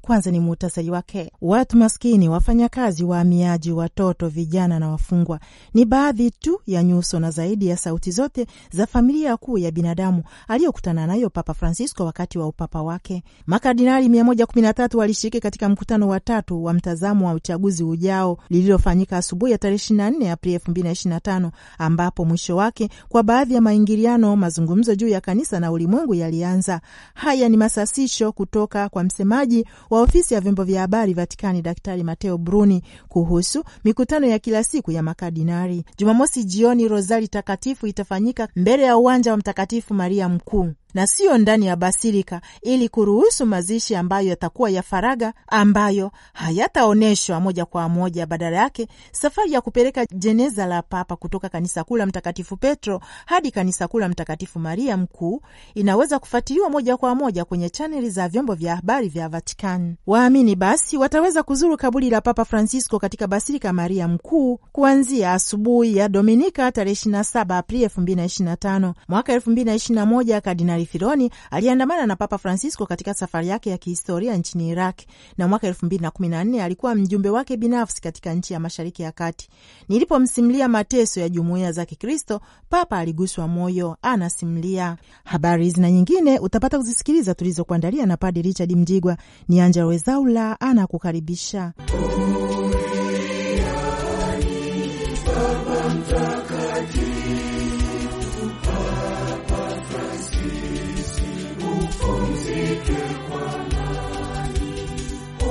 kwanza ni muhtasari wake. Watu maskini, wafanyakazi, wahamiaji, watoto, vijana na wafungwa ni baadhi tu ya nyuso na zaidi ya sauti zote za familia kuu ya binadamu aliyokutana nayo Papa Francisco wakati wa upapa wake. Makardinali 113 walishiriki katika mkutano wa tatu wa mtazamo wa uchaguzi ujao lililofanyika asubuhi ya tarehe 24 Aprili 2025 ambapo mwisho wake kwa baadhi ya maingiliano, mazungumzo juu ya kanisa na ulimwengu yalianza. Haya ni masasisho kutoka kwa msemaji wa wa ofisi ya vyombo vya habari Vatikani Daktari Mateo Bruni kuhusu mikutano ya kila siku ya makardinari. Jumamosi jioni, Rozari Takatifu itafanyika mbele ya uwanja wa Mtakatifu Maria Mkuu na siyo ndani ya basilika, ili kuruhusu mazishi ambayo yatakuwa ya faraga, ambayo hayataonyeshwa moja kwa moja. Badala yake, safari ya kupeleka jeneza la papa kutoka kanisa kuu la Mtakatifu Petro hadi kanisa kuu la Mtakatifu Maria Mkuu inaweza kufuatiliwa moja kwa moja kwenye chaneli za vyombo vya habari vya Vatikani. Waamini basi wataweza kuzuru kaburi la Papa Francisco katika basilika Maria Mkuu kuanzia asubuhi ya Dominika tarehe 27 Aprili 2025 mwaka 2021. Kardinali Alithironi aliyeandamana na Papa Francisco katika safari yake ya kihistoria nchini Iraq, na mwaka elfu mbili na kumi na nne alikuwa mjumbe wake binafsi katika nchi ya Mashariki ya Kati. Nilipomsimulia mateso ya jumuiya za Kikristo, Papa aliguswa moyo, anasimulia. Habari hizi na nyingine utapata kuzisikiliza tulizokuandalia na Padi Richard Mjigwa. Ni Anja Wezaula anakukaribisha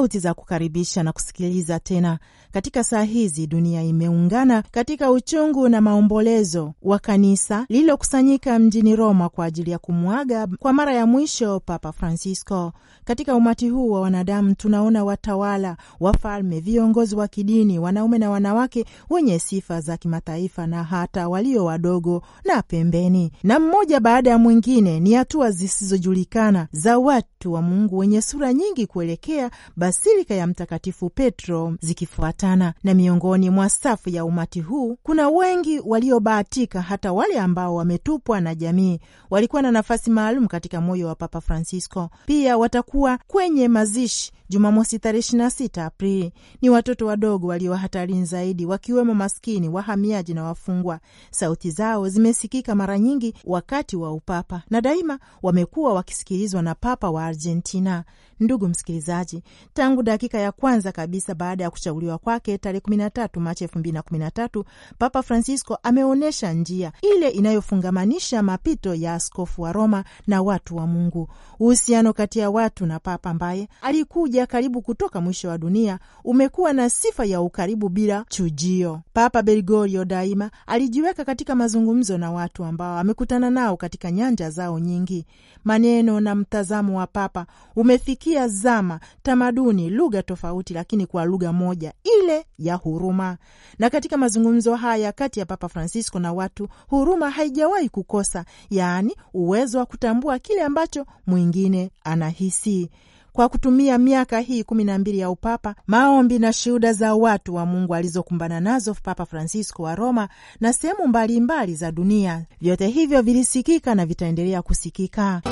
sauti za kukaribisha na kusikiliza tena. Katika saa hizi dunia imeungana katika uchungu na maombolezo wa kanisa lililokusanyika mjini Roma kwa ajili ya kumwaga kwa mara ya mwisho Papa Francisco. Katika umati huu wa wanadamu tunaona watawala, wafalme, viongozi wa kidini, wanaume na wanawake wenye sifa za kimataifa na hata walio wadogo na pembeni, na mmoja baada ya mwingine ni hatua zisizojulikana za watu wa Mungu wenye sura nyingi kuelekea basilika ya Mtakatifu Petro zikifuatana, na miongoni mwa safu ya umati huu kuna wengi waliobahatika, hata wale ambao wametupwa na jamii, walikuwa na nafasi maalum katika moyo wa Papa Francisco. Pia watakuwa kwenye mazishi Jumamosi tarehe 26 Aprili. Ni watoto wadogo walio hatarini zaidi, wakiwemo maskini, wahamiaji na wafungwa. Sauti zao zimesikika mara nyingi wakati wa upapa na daima wamekuwa wakisikilizwa na papa wa Argentina. Ndugu msikilizaji, tangu dakika ya kwanza kabisa baada ya kuchaguliwa kwake tarehe 13 Machi 2013, Papa Francisco ameonyesha njia ile inayofungamanisha mapito ya askofu wa Roma na watu wa Mungu. Uhusiano kati ya watu na Papa ambaye alikuja karibu kutoka mwisho wa dunia umekuwa na sifa ya ukaribu bila chujio. Papa Bergoglio daima alijiweka katika mazungumzo na watu ambao amekutana nao katika nyanja zao nyingi. Maneno na mtazamo wa Papa umefikia kupitia zama, tamaduni, lugha tofauti, lakini kwa lugha moja ile ya huruma. Na katika mazungumzo haya kati ya Papa Francisco na watu, huruma haijawahi kukosa, yaani uwezo wa kutambua kile ambacho mwingine anahisi. Kwa kutumia miaka hii kumi na mbili ya upapa, maombi na shuhuda za watu wa Mungu alizokumbana nazo Papa Francisco wa Roma na sehemu mbalimbali za dunia, vyote hivyo vilisikika na vitaendelea kusikika.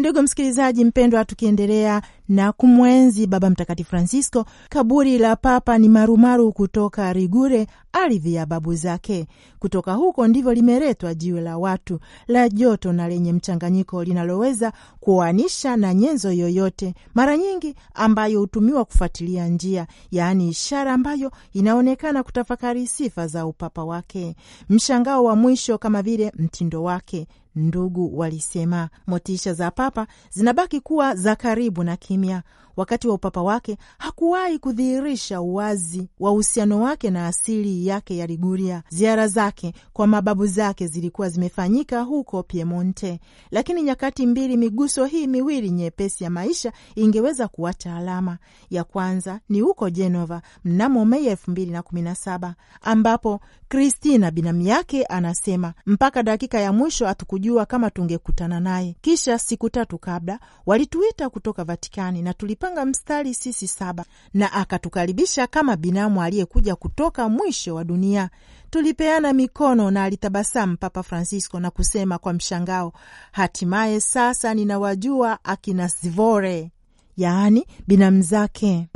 Ndugu msikilizaji mpendwa, tukiendelea na kumwenzi Baba Mtakatifu Francisco, kaburi la Papa ni marumaru kutoka Rigure, ardhi ya babu zake. Kutoka huko ndivyo limeretwa jiwe la watu la joto na lenye mchanganyiko linaloweza kuoanisha na nyenzo yoyote, mara nyingi ambayo hutumiwa kufuatilia njia, yaani ishara ambayo inaonekana kutafakari sifa za upapa wake, mshangao wa mwisho kama vile mtindo wake. Ndugu walisema, motisha za papa zinabaki kuwa za karibu na kimi mir Wakati wa upapa wake hakuwahi kudhihirisha uwazi wa uhusiano wake na asili yake ya Liguria. Ziara zake kwa mababu zake zilikuwa zimefanyika huko Piemonte, lakini nyakati mbili miguso hii miwili nyepesi ya maisha ingeweza kuacha alama. Ya kwanza ni huko Jenova mnamo Mei elfu mbili na kumi na saba ambapo Kristina binamu yake anasema, mpaka dakika ya mwisho hatukujua kama tungekutana naye. Kisha siku tatu kabla walituita kutoka Vatikani na tulipa akatupanga mstari sisi saba na akatukaribisha kama binamu aliyekuja kutoka mwisho wa dunia. Tulipeana mikono na alitabasamu Papa Francisco na kusema kwa mshangao, hatimaye sasa ninawajua akina Sivore, yaani binamu zake.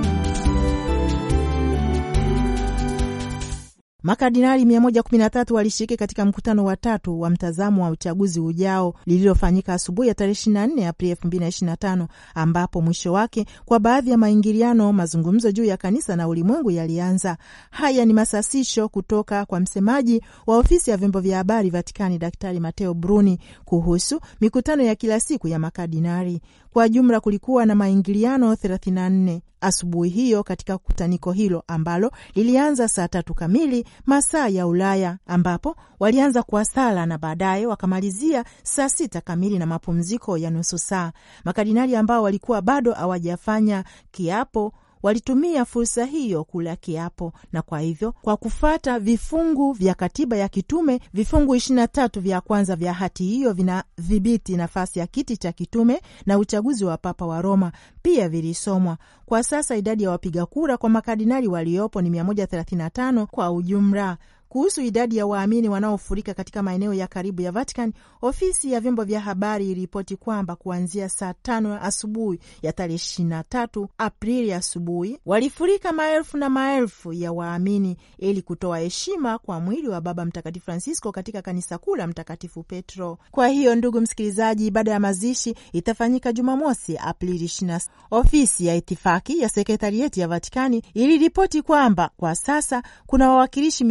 Makardinali 113 walishiriki katika mkutano wa tatu wa mtazamo wa uchaguzi ujao lililofanyika asubuhi ya tarehe 24 Aprili 2025 ambapo mwisho wake kwa baadhi ya maingiliano, mazungumzo juu ya kanisa na ulimwengu yalianza. Haya ni masasisho kutoka kwa msemaji wa ofisi ya vyombo vya habari Vatikani, Daktari Mateo Bruni kuhusu mikutano ya kila siku ya makardinali. Kwa jumla kulikuwa na maingiliano 34 asubuhi hiyo katika kutaniko hilo ambalo lilianza saa tatu kamili masaa ya Ulaya, ambapo walianza kwa sala na baadaye wakamalizia saa sita kamili na mapumziko ya nusu saa. Makardinali ambao walikuwa bado hawajafanya kiapo walitumia fursa hiyo kula kiapo, na kwa hivyo kwa kufata vifungu vya katiba ya kitume, vifungu 23 tatu vya kwanza vya hati hiyo vinadhibiti nafasi ya kiti cha kitume na uchaguzi wa papa wa Roma pia vilisomwa. Kwa sasa idadi ya wapiga kura kwa makardinali waliopo ni 135 kwa ujumla. Kuhusu idadi ya waamini wanaofurika katika maeneo ya karibu ya Vatican, ofisi ya vyombo vya habari iliripoti kwamba kuanzia saa tano asubuhi ya tarehe 23 Aprili asubuhi walifurika maelfu na maelfu ya waamini ili kutoa heshima kwa mwili wa Baba Mtakatifu Francisco katika kanisa kuu la Mtakatifu Petro. Kwa hiyo, ndugu msikilizaji, ibada ya mazishi itafanyika Jumamosi Aprili 20. Ofisi ya itifaki ya sekretarieti ya Vatikani iliripoti kwamba kwa sasa kuna wawakilishi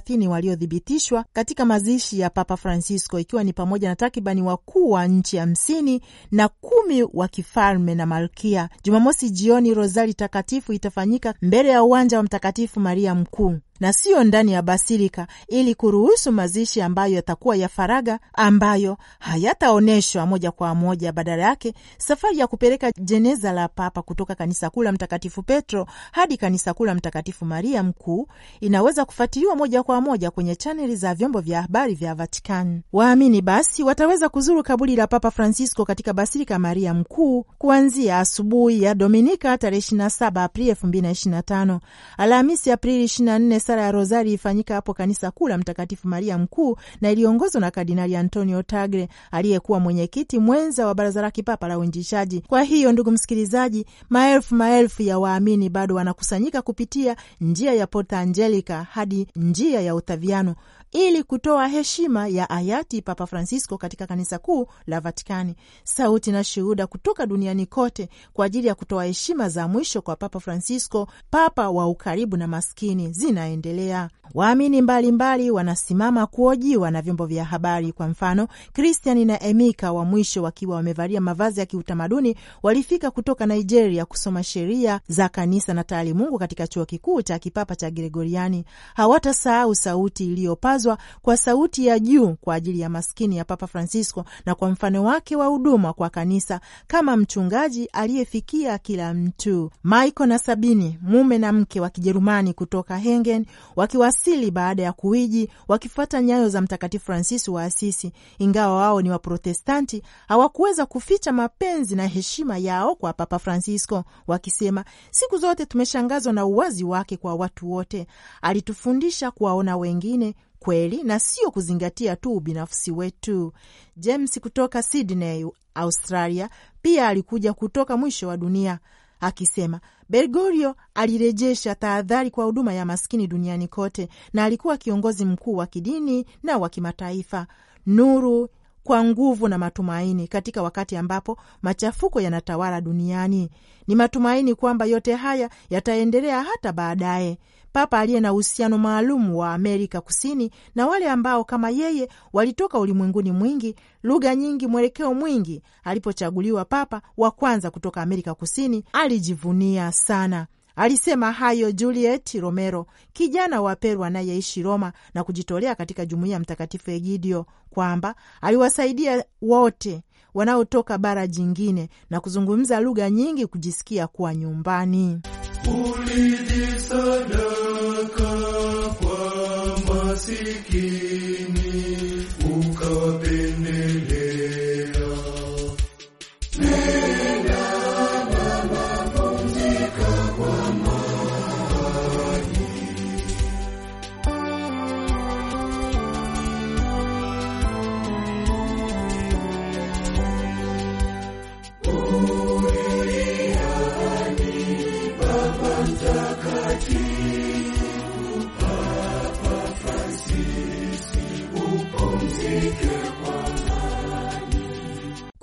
thelathini waliothibitishwa katika mazishi ya Papa Francisco, ikiwa ni pamoja na takribani wakuu wa nchi hamsini na kumi wa kifalme na malkia. Jumamosi jioni, rozari takatifu itafanyika mbele ya uwanja wa Mtakatifu Maria Mkuu na siyo ndani ya basilika ili kuruhusu mazishi ambayo yatakuwa ya faraga ambayo hayataonyeshwa moja kwa moja. Badala yake, safari ya kupeleka jeneza la papa kutoka kanisa kuu la Mtakatifu Petro hadi kanisa kuu la Mtakatifu Maria Mkuu inaweza kufuatiliwa moja kwa moja kwenye chaneli za vyombo vya habari vya Vatikani. Waamini basi wataweza kuzuru kaburi la Papa Francisco katika basilika Maria Mkuu kuanzia asubuhi ya Dominika tarehe 27 Aprili 2025, Alhamisi Aprili 24 Sala ya Rozari ilifanyika hapo kanisa kuu la Mtakatifu Maria Mkuu na iliongozwa na Kardinali Antonio Tagle aliyekuwa mwenyekiti mwenza wa Baraza la Kipapa la Uinjishaji. Kwa hiyo, ndugu msikilizaji, maelfu maelfu ya waamini bado wanakusanyika kupitia njia ya Porta Angelica hadi njia ya Utaviano ili kutoa heshima ya hayati Papa Francisco katika kanisa kuu la Vatikani, sauti na shuhuda kutoka duniani kote kwa ajili ya kutoa heshima za mwisho kwa Papa Francisco, papa wa ukaribu na maskini zina inaendelea. Waamini mbalimbali wanasimama kuojiwa na vyombo vya habari. Kwa mfano, Kristiani na Emika wa mwisho wakiwa wamevalia mavazi ya kiutamaduni walifika kutoka Nigeria kusoma sheria za kanisa na taalimungu katika chuo kikuu cha kipapa cha Gregoriani. Hawatasahau sauti iliyopazwa kwa sauti ya juu kwa ajili ya maskini ya Papa Francisco na kwa mfano wake wa huduma kwa kanisa kama mchungaji aliyefikia kila mtu. Michael na Sabini, mume na mke wa Kijerumani kutoka Hengen wakiwasili baada ya kuwiji wakifuata nyayo za Mtakatifu Fransisi wa Asisi. Ingawa wao ni Waprotestanti, hawakuweza kuficha mapenzi na heshima yao kwa Papa Francisco, wakisema, siku zote tumeshangazwa na uwazi wake kwa watu wote. Alitufundisha kuwaona wengine kweli na sio kuzingatia tu ubinafsi wetu. James kutoka Sydney, Australia, pia alikuja kutoka mwisho wa dunia akisema Bergoglio alirejesha tahadhari kwa huduma ya maskini duniani kote na alikuwa kiongozi mkuu wa kidini na wa kimataifa, nuru kwa nguvu na matumaini katika wakati ambapo machafuko yanatawala duniani. Ni matumaini kwamba yote haya yataendelea hata baadaye, papa aliye na uhusiano maalum wa Amerika Kusini na wale ambao kama yeye walitoka ulimwenguni mwingi, lugha nyingi, mwelekeo mwingi. Alipochaguliwa papa wa kwanza kutoka Amerika Kusini, alijivunia sana. Alisema hayo Juliet Romero, kijana wa Peru anayeishi Roma na kujitolea katika jumuiya ya Mtakatifu Egidio, kwamba aliwasaidia wote wanaotoka bara jingine na kuzungumza lugha nyingi kujisikia kuwa nyumbani. Ulijisada. Así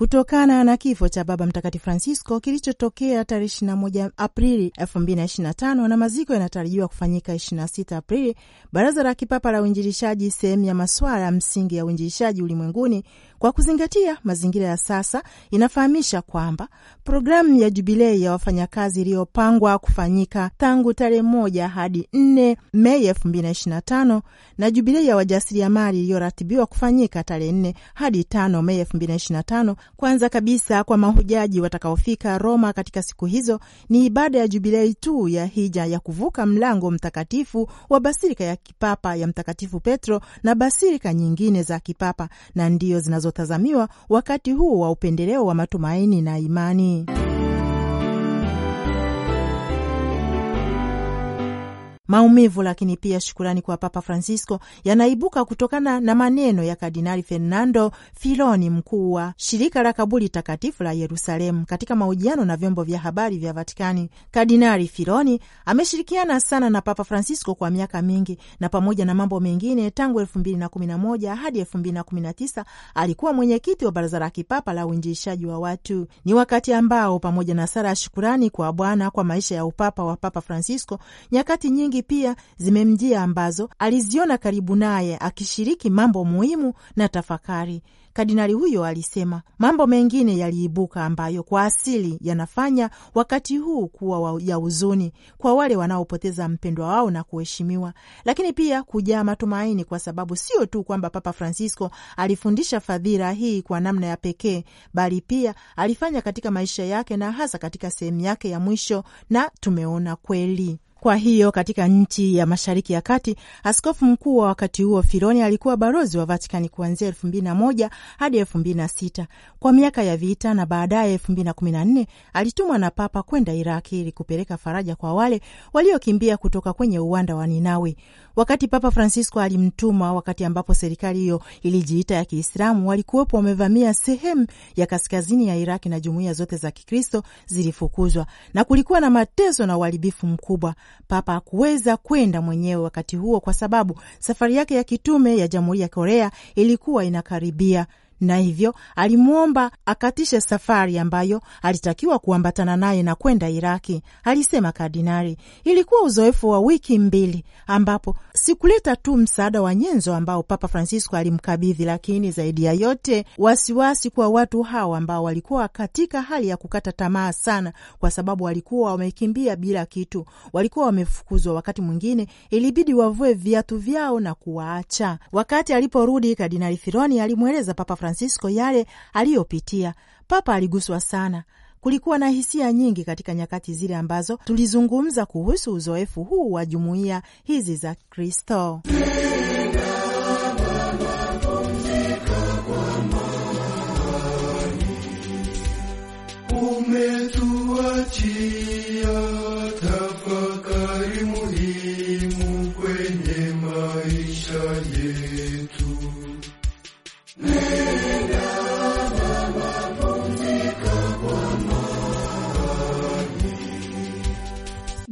kutokana na kifo cha Baba Mtakatifu Francisco kilichotokea tarehe 21 Aprili 2025 na maziko yanatarajiwa kufanyika 26 Aprili. Baraza la Kipapa la Uinjilishaji sehemu ya maswala ya msingi ya uinjilishaji ulimwenguni kwa kuzingatia mazingira ya sasa inafahamisha kwamba programu ya jubilei ya wafanyakazi iliyopangwa kufanyika tangu tarehe moja hadi nne Mei elfu mbili na na tano na jubilei ya wajasiriamali iliyoratibiwa kufanyika tarehe nne hadi tano Mei elfu mbili na na tano kwanza kabisa kwa mahujaji watakaofika Roma katika siku hizo, ni ibada ya jubilei tu ya hija ya kuvuka mlango mtakatifu wa basilika ya kipapa ya Mtakatifu Petro na basilika nyingine za kipapa, na ndiyo zinazotazamiwa wakati huu wa upendeleo wa matumaini na imani. Maumivu lakini pia shukurani kwa Papa Francisco yanaibuka kutokana na maneno ya Kardinali Fernando Filoni, mkuu wa shirika la kaburi takatifu la Yerusalemu. Katika mahojiano na vyombo vya habari vya Vatikani, Kardinali Filoni ameshirikiana sana na Papa Francisco kwa miaka mingi, na pamoja na mambo mengine, tangu 2011 hadi 2019 alikuwa mwenyekiti wa Baraza la Kipapa la Uinjilishaji wa Watu. Ni wakati ambao pamoja na sala ya shukurani kwa Bwana kwa maisha ya upapa wa Papa Francisco, nyakati nyingi nyingi pia zimemjia ambazo aliziona karibu naye akishiriki mambo muhimu na tafakari. Kardinali huyo alisema mambo mengine yaliibuka ambayo kwa asili yanafanya wakati huu kuwa ya huzuni kwa wale wanaopoteza mpendwa wao na kuheshimiwa, lakini pia kujaa matumaini, kwa sababu sio tu kwamba Papa Francisco alifundisha fadhila hii kwa namna ya pekee, bali pia alifanya katika maisha yake na hasa katika sehemu yake ya mwisho, na tumeona kweli kwa hiyo katika nchi ya Mashariki ya Kati, askofu mkuu wa wakati huo Filoni alikuwa balozi wa Vatikani kuanzia elfu mbili na moja hadi elfu mbili na sita kwa miaka ya vita, na baadaye elfu mbili na kumi na nne alitumwa na Papa kwenda Iraki ili kupeleka faraja kwa wale waliokimbia kutoka kwenye uwanda wa Ninawi. Wakati Papa Francisco alimtuma, wakati ambapo serikali hiyo ilijiita ya Kiislamu walikuwepo wamevamia sehemu ya kaskazini ya Iraki na jumuiya zote za Kikristo zilifukuzwa na kulikuwa na mateso na uharibifu mkubwa. Papa hakuweza kwenda mwenyewe wakati huo kwa sababu safari yake ya kitume ya Jamhuri ya Korea ilikuwa inakaribia, na hivyo alimwomba akatishe safari ambayo alitakiwa kuambatana naye na kwenda Iraki, alisema kardinali. Ilikuwa uzoefu wa wiki mbili ambapo sikuleta tu msaada wa nyenzo ambao Papa Francisco alimkabidhi, lakini zaidi ya yote wasiwasi kwa watu hawa ambao walikuwa katika hali ya kukata tamaa sana, kwa sababu walikuwa wamekimbia bila kitu, walikuwa wamefukuzwa, wakati mwingine ilibidi wavue viatu vyao na kuwaacha. Wakati aliporudi, Kardinali Fironi alimweleza Papa Francisco Francisco yale aliyopitia. Papa aliguswa sana. Kulikuwa na hisia nyingi katika nyakati zile ambazo tulizungumza kuhusu uzoefu huu wa jumuiya hizi za Kristo.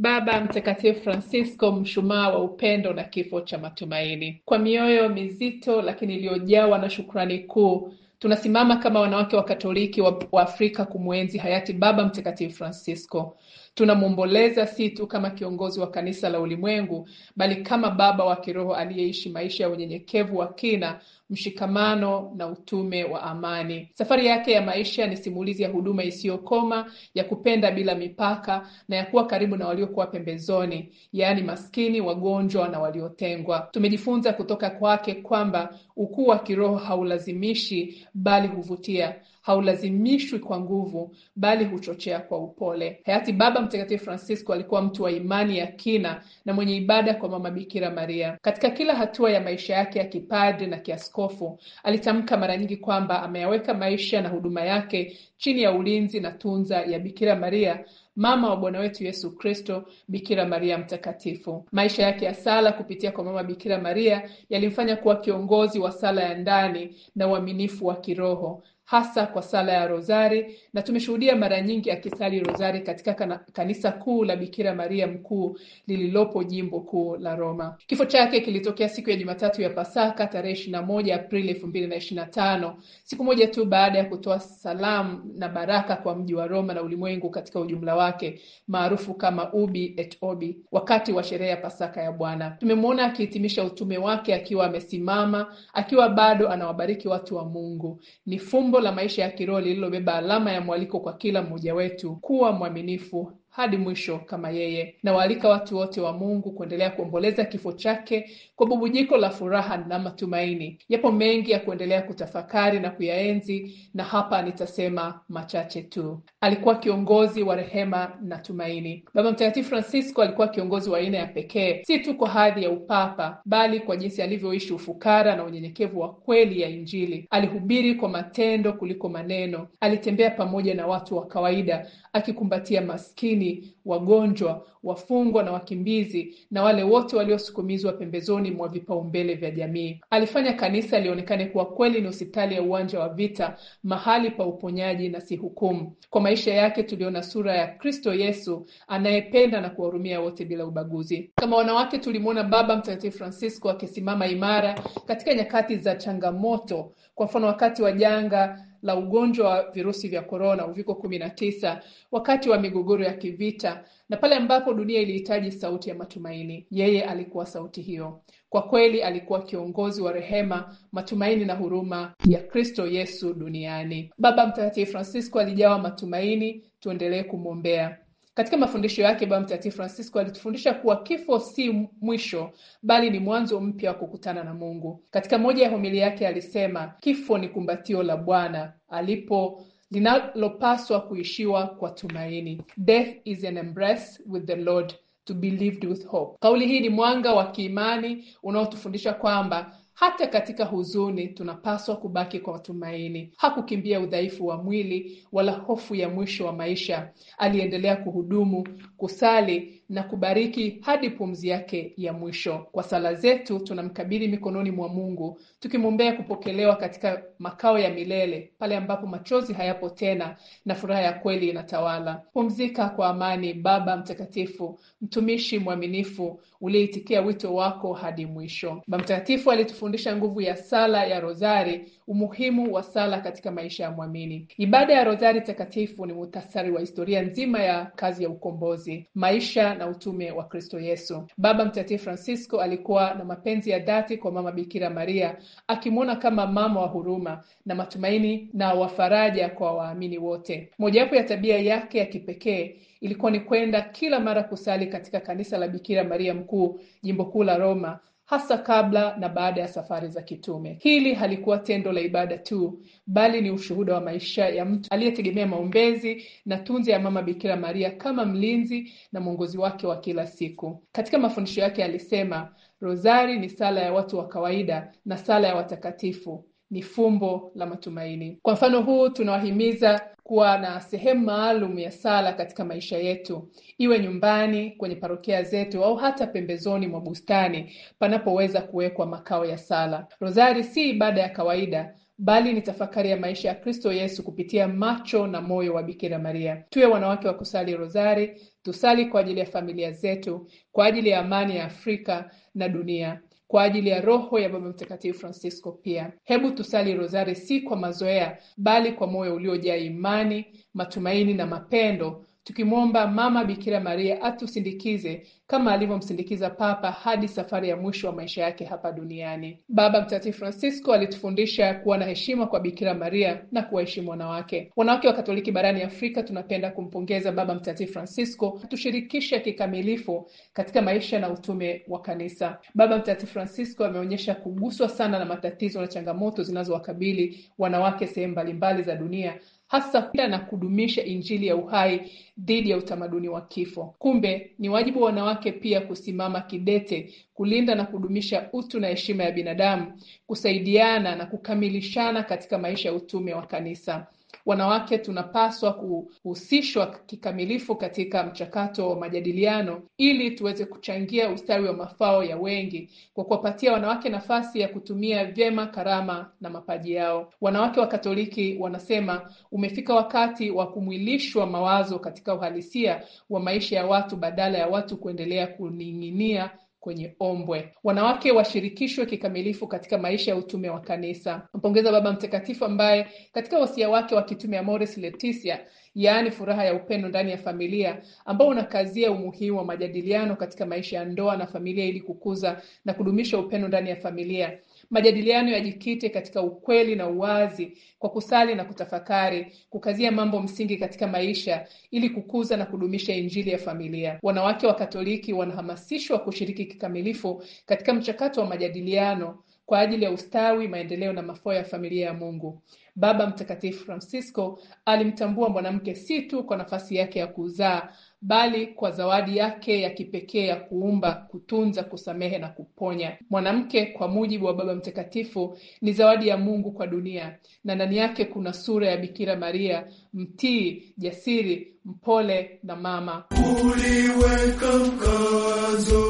Baba Mtakatifu Francisco, mshumaa wa upendo na kifo cha matumaini. Kwa mioyo mizito lakini iliyojawa na shukrani kuu tunasimama kama wanawake wa Katoliki wa, wa Afrika kumwenzi hayati Baba Mtakatifu Francisco. Tunamwomboleza si tu kama kiongozi wa kanisa la ulimwengu, bali kama baba wa kiroho aliyeishi maisha ya unyenyekevu wa kina mshikamano na utume wa amani. Safari yake ya maisha ni simulizi ya huduma isiyokoma, ya kupenda bila mipaka na ya kuwa karibu na waliokuwa pembezoni, yaani maskini, wagonjwa na waliotengwa. Tumejifunza kutoka kwake kwamba ukuu wa kiroho haulazimishi bali huvutia, haulazimishwi kwa nguvu bali huchochea kwa upole. Hayati Baba Mtakatifu Francisco alikuwa mtu wa imani ya kina na mwenye ibada kwa Mama Bikira Maria. Katika kila hatua ya maisha yake ya kipadri na kiasko maaskofu. Alitamka mara nyingi kwamba ameyaweka maisha na huduma yake chini ya ulinzi na tunza ya Bikira Maria, mama wa Bwana wetu Yesu Kristo, Bikira Maria Mtakatifu. Maisha yake ya sala kupitia kwa mama Bikira Maria yalimfanya kuwa kiongozi wa sala ya ndani na uaminifu wa kiroho hasa kwa sala ya Rozari, na tumeshuhudia mara nyingi akisali Rozari katika kanisa kuu la Bikira Maria Mkuu lililopo jimbo kuu la Roma. Kifo chake kilitokea siku ya Jumatatu ya Pasaka tarehe ishirini na moja Aprili elfu mbili na ishirini na tano, siku moja tu baada ya kutoa salamu na baraka kwa mji wa Roma na ulimwengu katika ujumla wake maarufu kama Ubi et Obi, wakati wa sherehe ya Pasaka ya Bwana. Tumemwona akihitimisha utume wake akiwa amesimama, akiwa bado anawabariki watu wa Mungu. Ni fumbo la maisha ya kiroho lililobeba alama ya mwaliko kwa kila mmoja wetu kuwa mwaminifu hadi mwisho kama yeye. Nawaalika watu wote wa Mungu kuendelea kuomboleza kifo chake kwa bubujiko la furaha na matumaini. Yapo mengi ya kuendelea kutafakari na kuyaenzi, na hapa nitasema machache tu. Alikuwa kiongozi wa rehema na tumaini. Baba Mtakatifu Francisco alikuwa kiongozi wa aina ya pekee, si tu kwa hadhi ya upapa, bali kwa jinsi alivyoishi ufukara na unyenyekevu wa kweli ya Injili. Alihubiri kwa matendo kuliko maneno. Alitembea pamoja na watu wa kawaida, akikumbatia maskini maskini, wagonjwa, wafungwa na wakimbizi na wale wote waliosukumizwa pembezoni mwa vipaumbele vya jamii. Alifanya kanisa lionekane kuwa kweli ni hospitali ya uwanja wa vita, mahali pa uponyaji na si hukumu. Kwa maisha yake tuliona sura ya Kristo Yesu anayependa na kuwahurumia wote bila ubaguzi. Kama wanawake, tulimwona Baba Mtakatifu Francisco akisimama imara katika nyakati za changamoto, kwa mfano wakati wa janga la ugonjwa wa virusi vya korona uviko 19 wakati wa migogoro ya kivita na pale ambapo dunia ilihitaji sauti ya matumaini, yeye alikuwa sauti hiyo. Kwa kweli alikuwa kiongozi wa rehema, matumaini na huruma ya Kristo Yesu duniani. Baba Mtakatifu Francisco alijawa matumaini, tuendelee kumwombea. Katika mafundisho yake Baba Mtakatifu Francisco alitufundisha kuwa kifo si mwisho bali ni mwanzo mpya wa kukutana na Mungu. Katika moja ya homili yake alisema, kifo ni kumbatio la Bwana alipo linalopaswa kuishiwa kwa tumaini. Death is an embrace with the Lord to be lived with hope. Kauli hii ni mwanga wa kiimani unaotufundisha kwamba hata katika huzuni tunapaswa kubaki kwa tumaini. Hakukimbia udhaifu wa mwili wala hofu ya mwisho wa maisha. Aliendelea kuhudumu, kusali na kubariki hadi pumzi yake ya mwisho. Kwa sala zetu tunamkabidhi mikononi mwa Mungu, tukimwombea kupokelewa katika makao ya milele, pale ambapo machozi hayapo tena na furaha ya kweli inatawala. Pumzika kwa amani, Baba Mtakatifu, mtumishi mwaminifu uliyeitikia wito wako hadi mwisho. Baba Mtakatifu kutufundisha nguvu ya sala ya rozari, umuhimu wa sala katika maisha ya mwamini. Ibada ya rozari takatifu ni muhtasari wa historia nzima ya kazi ya ukombozi, maisha na utume wa Kristo Yesu. Baba Mtakatifu Francisco alikuwa na mapenzi ya dhati kwa Mama Bikira Maria, akimwona kama mama wa huruma na matumaini na wafaraja kwa waamini wote. Mojawapo ya tabia yake ya kipekee ilikuwa ni kwenda kila mara kusali katika kanisa la Bikira Maria Mkuu, jimbo kuu la Roma hasa kabla na baada ya safari za kitume. Hili halikuwa tendo la ibada tu, bali ni ushuhuda wa maisha ya mtu aliyetegemea maombezi na tunzi ya Mama Bikira Maria kama mlinzi na mwongozi wake wa kila siku. Katika mafundisho yake alisema, Rozari ni sala ya watu wa kawaida na sala ya watakatifu ni fumbo la matumaini. Kwa mfano huu, tunawahimiza kuwa na sehemu maalum ya sala katika maisha yetu, iwe nyumbani, kwenye parokia zetu, au hata pembezoni mwa bustani panapoweza kuwekwa makao ya sala. Rozari si ibada ya kawaida bali ni tafakari ya maisha ya Kristo Yesu kupitia macho na moyo wa Bikira Maria. Tuwe wanawake wa kusali rozari, tusali kwa ajili ya familia zetu, kwa ajili ya amani ya Afrika na dunia kwa ajili ya roho ya Baba Mtakatifu Francisco. Pia hebu tusali rozari si kwa mazoea, bali kwa moyo uliojaa imani, matumaini na mapendo tukimwomba Mama Bikira Maria atusindikize kama alivyomsindikiza Papa hadi safari ya mwisho wa maisha yake hapa duniani. Baba Mtakatifu Francisco alitufundisha kuwa na heshima kwa Bikira Maria na kuwaheshimu wanawake. Wanawake wa Katoliki barani Afrika tunapenda kumpongeza Baba Mtakatifu Francisco kutushirikisha kikamilifu katika maisha na utume wa Kanisa. Baba Mtakatifu Francisco ameonyesha kuguswa sana na matatizo na changamoto zinazowakabili wanawake sehemu mbalimbali za dunia hasa kulinda na kudumisha Injili ya uhai dhidi ya utamaduni wa kifo. Kumbe ni wajibu wa wanawake pia kusimama kidete kulinda na kudumisha utu na heshima ya binadamu, kusaidiana na kukamilishana katika maisha ya utume wa Kanisa wanawake tunapaswa kuhusishwa kikamilifu katika mchakato wa majadiliano ili tuweze kuchangia ustawi wa mafao ya wengi kwa kuwapatia wanawake nafasi ya kutumia vyema karama na mapaji yao. Wanawake wa Katoliki wanasema umefika wakati wa kumwilishwa mawazo katika uhalisia wa maisha ya watu badala ya watu kuendelea kuning'inia kwenye ombwe. Wanawake washirikishwe kikamilifu katika maisha ya utume wa kanisa. Mpongeza Baba Mtakatifu ambaye katika wasia wake wa kitume Amoris Laetitia, yaani furaha ya upendo ndani ya familia, ambao unakazia umuhimu wa majadiliano katika maisha ya ndoa na familia ili kukuza na kudumisha upendo ndani ya familia. Majadiliano yajikite katika ukweli na uwazi, kwa kusali na kutafakari, kukazia mambo msingi katika maisha ili kukuza na kudumisha injili ya familia. Wanawake wa Katoliki wanahamasishwa kushiriki kikamilifu katika mchakato wa majadiliano kwa ajili ya ustawi, maendeleo na mafao ya familia ya Mungu. Baba Mtakatifu Francisco alimtambua mwanamke si tu kwa nafasi yake ya kuzaa bali kwa zawadi yake ya kipekee ya kuumba, kutunza, kusamehe na kuponya. Mwanamke, kwa mujibu wa Baba Mtakatifu, ni zawadi ya Mungu kwa dunia, na ndani yake kuna sura ya Bikira Maria, mtii, jasiri, mpole na mama. Uliweka mkazo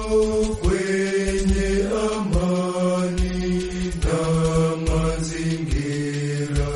kwenye amani na mazingira.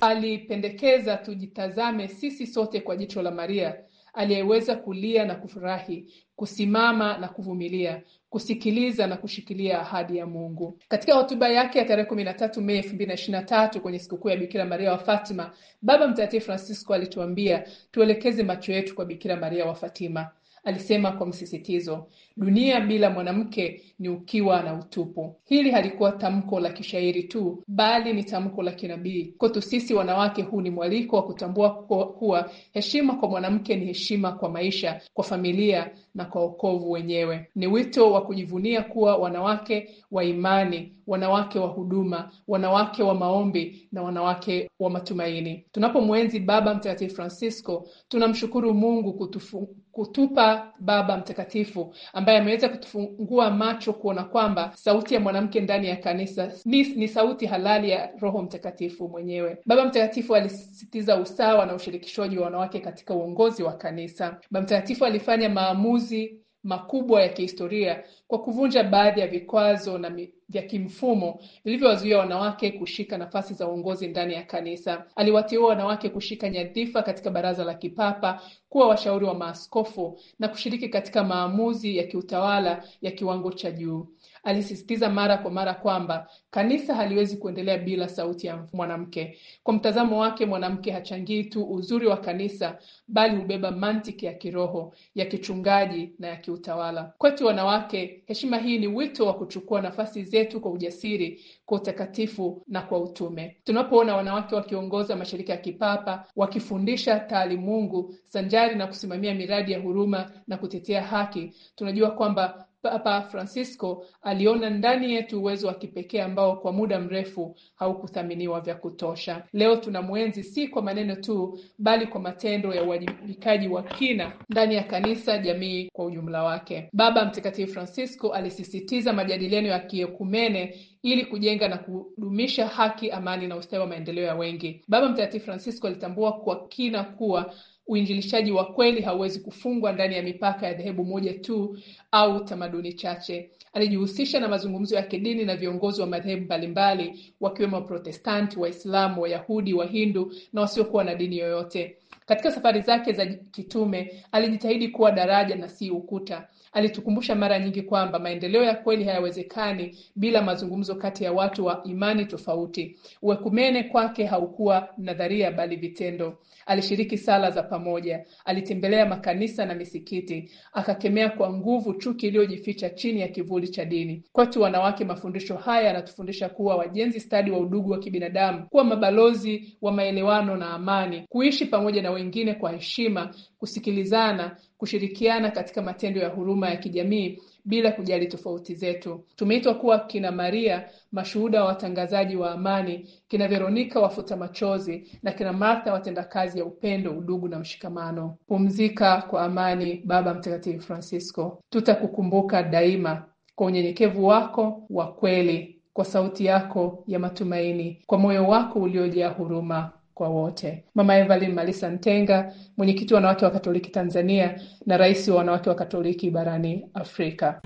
Alipendekeza tujitazame sisi sote kwa jicho la Maria aliyeweza kulia na kufurahi, kusimama na kuvumilia, kusikiliza na kushikilia ahadi ya Mungu. Katika hotuba yake ya tarehe kumi na tatu Mei elfu mbili na na tatu kwenye sikukuu ya Bikira Maria wa Fatima, Baba Mtakatifu Francisco alituambia tuelekeze macho yetu kwa Bikira Maria wa Fatima. Alisema kwa msisitizo, dunia bila mwanamke ni ukiwa na utupu. Hili halikuwa tamko la kishairi tu, bali ni tamko la kinabii. Kwetu sisi wanawake, huu ni mwaliko wa kutambua kuwa heshima kwa mwanamke ni heshima kwa maisha, kwa familia na kwa wokovu wenyewe. Ni wito wa kujivunia kuwa wanawake wa imani, wanawake wa huduma, wanawake wa maombi na wanawake wa matumaini. Tunapomwenzi Baba Mtakatifu Francisco, tunamshukuru Mungu kutufu, kutupa Baba Mtakatifu ambaye ameweza kutufungua macho kuona kwamba sauti ya mwanamke ndani ya kanisa ni, ni sauti halali ya Roho Mtakatifu mwenyewe. Baba Mtakatifu alisisitiza usawa na ushirikishwaji wa wanawake katika uongozi wa kanisa. Baba Mtakatifu alifanya maamuzi makubwa ya kihistoria kwa kuvunja baadhi ya vikwazo na vya kimfumo vilivyowazuia wanawake kushika nafasi za uongozi ndani ya kanisa. Aliwateua wanawake kushika nyadhifa katika baraza la kipapa, kuwa washauri wa maaskofu na kushiriki katika maamuzi ya kiutawala ya kiwango cha juu. Alisisitiza mara kwa mara kwamba kanisa haliwezi kuendelea bila sauti ya mwanamke. Kwa mtazamo wake, mwanamke hachangii tu uzuri wa kanisa, bali hubeba mantiki ya kiroho, ya kichungaji na ya kiutawala. Kwetu wanawake Heshima hii ni wito wa kuchukua nafasi zetu kwa ujasiri, kwa utakatifu na kwa utume. Tunapoona wanawake wakiongoza mashirika ya kipapa, wakifundisha taalimungu sanjari na kusimamia miradi ya huruma na kutetea haki, tunajua kwamba Papa Francisco aliona ndani yetu uwezo wa kipekee ambao kwa muda mrefu haukuthaminiwa vya kutosha. Leo tunamwenzi si kwa maneno tu, bali kwa matendo ya uwajibikaji wa kina ndani ya kanisa, jamii kwa ujumla wake. Baba Mtakatifu Francisco alisisitiza majadiliano ya kiekumene ili kujenga na kudumisha haki, amani na ustawi wa maendeleo ya wengi. Baba Mtakatifu Francisco alitambua kwa kina kuwa uinjilishaji wa kweli hauwezi kufungwa ndani ya mipaka ya dhehebu moja tu au tamaduni chache. Alijihusisha na mazungumzo ya kidini na viongozi wa madhehebu mbalimbali, wakiwemo Waprotestanti, Waislamu, Wayahudi, Wahindu na wasiokuwa na dini yoyote. Katika safari zake za kitume alijitahidi kuwa daraja na si ukuta alitukumbusha mara nyingi kwamba maendeleo ya kweli hayawezekani bila mazungumzo kati ya watu wa imani tofauti. Uekumene kwake haukuwa nadharia, bali vitendo. Alishiriki sala za pamoja, alitembelea makanisa na misikiti, akakemea kwa nguvu chuki iliyojificha chini ya kivuli cha dini. Kwetu wanawake, mafundisho haya yanatufundisha kuwa wajenzi stadi wa udugu wa kibinadamu, kuwa mabalozi wa maelewano na amani, kuishi pamoja na wengine kwa heshima, kusikilizana kushirikiana katika matendo ya huruma ya kijamii bila kujali tofauti zetu. Tumeitwa kuwa kina Maria, mashuhuda wa watangazaji wa amani, kina Veronika, wafuta machozi, na kina Martha, watendakazi ya upendo, udugu na mshikamano. Pumzika kwa amani, Baba Mtakatifu Francisco. Tutakukumbuka daima kwa unyenyekevu wako wa kweli, kwa sauti yako ya matumaini, kwa moyo wako uliojaa huruma kwa wote. Mama Evelyn Malisa Ntenga, mwenyekiti wa wanawake wa Katoliki Tanzania na rais wa wanawake wa Katoliki barani Afrika.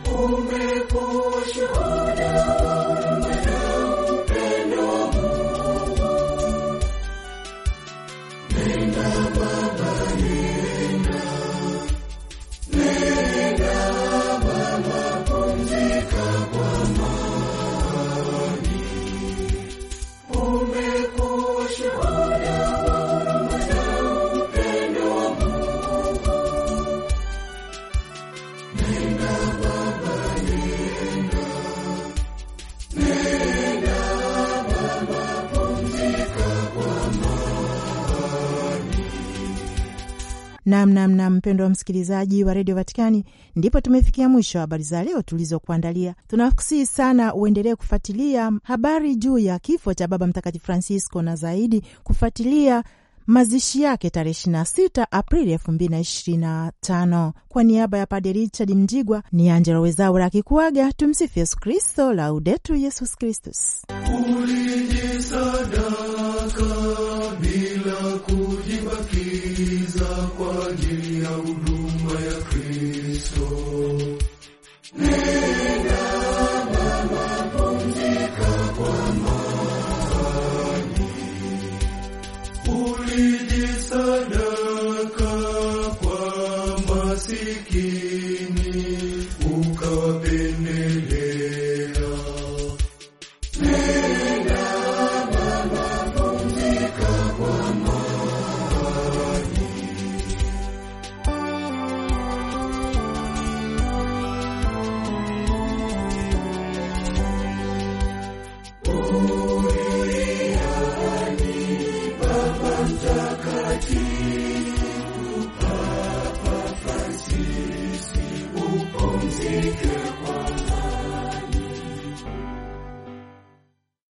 Namnamna mpendo wa msikilizaji wa redio Vatikani, ndipo tumefikia mwisho wa habari za leo tulizokuandalia. Tunakusihi sana uendelee kufuatilia habari juu ya kifo cha Baba Mtakatifu Francisco na zaidi kufuatilia mazishi yake tarehe 26 Aprili 2025. Kwa niaba ya Padre Richard Mjigwa ni Angelo Wezaura akikuaga. Tumsifu Yesu Kristo, Laudetu Yesus Kristus.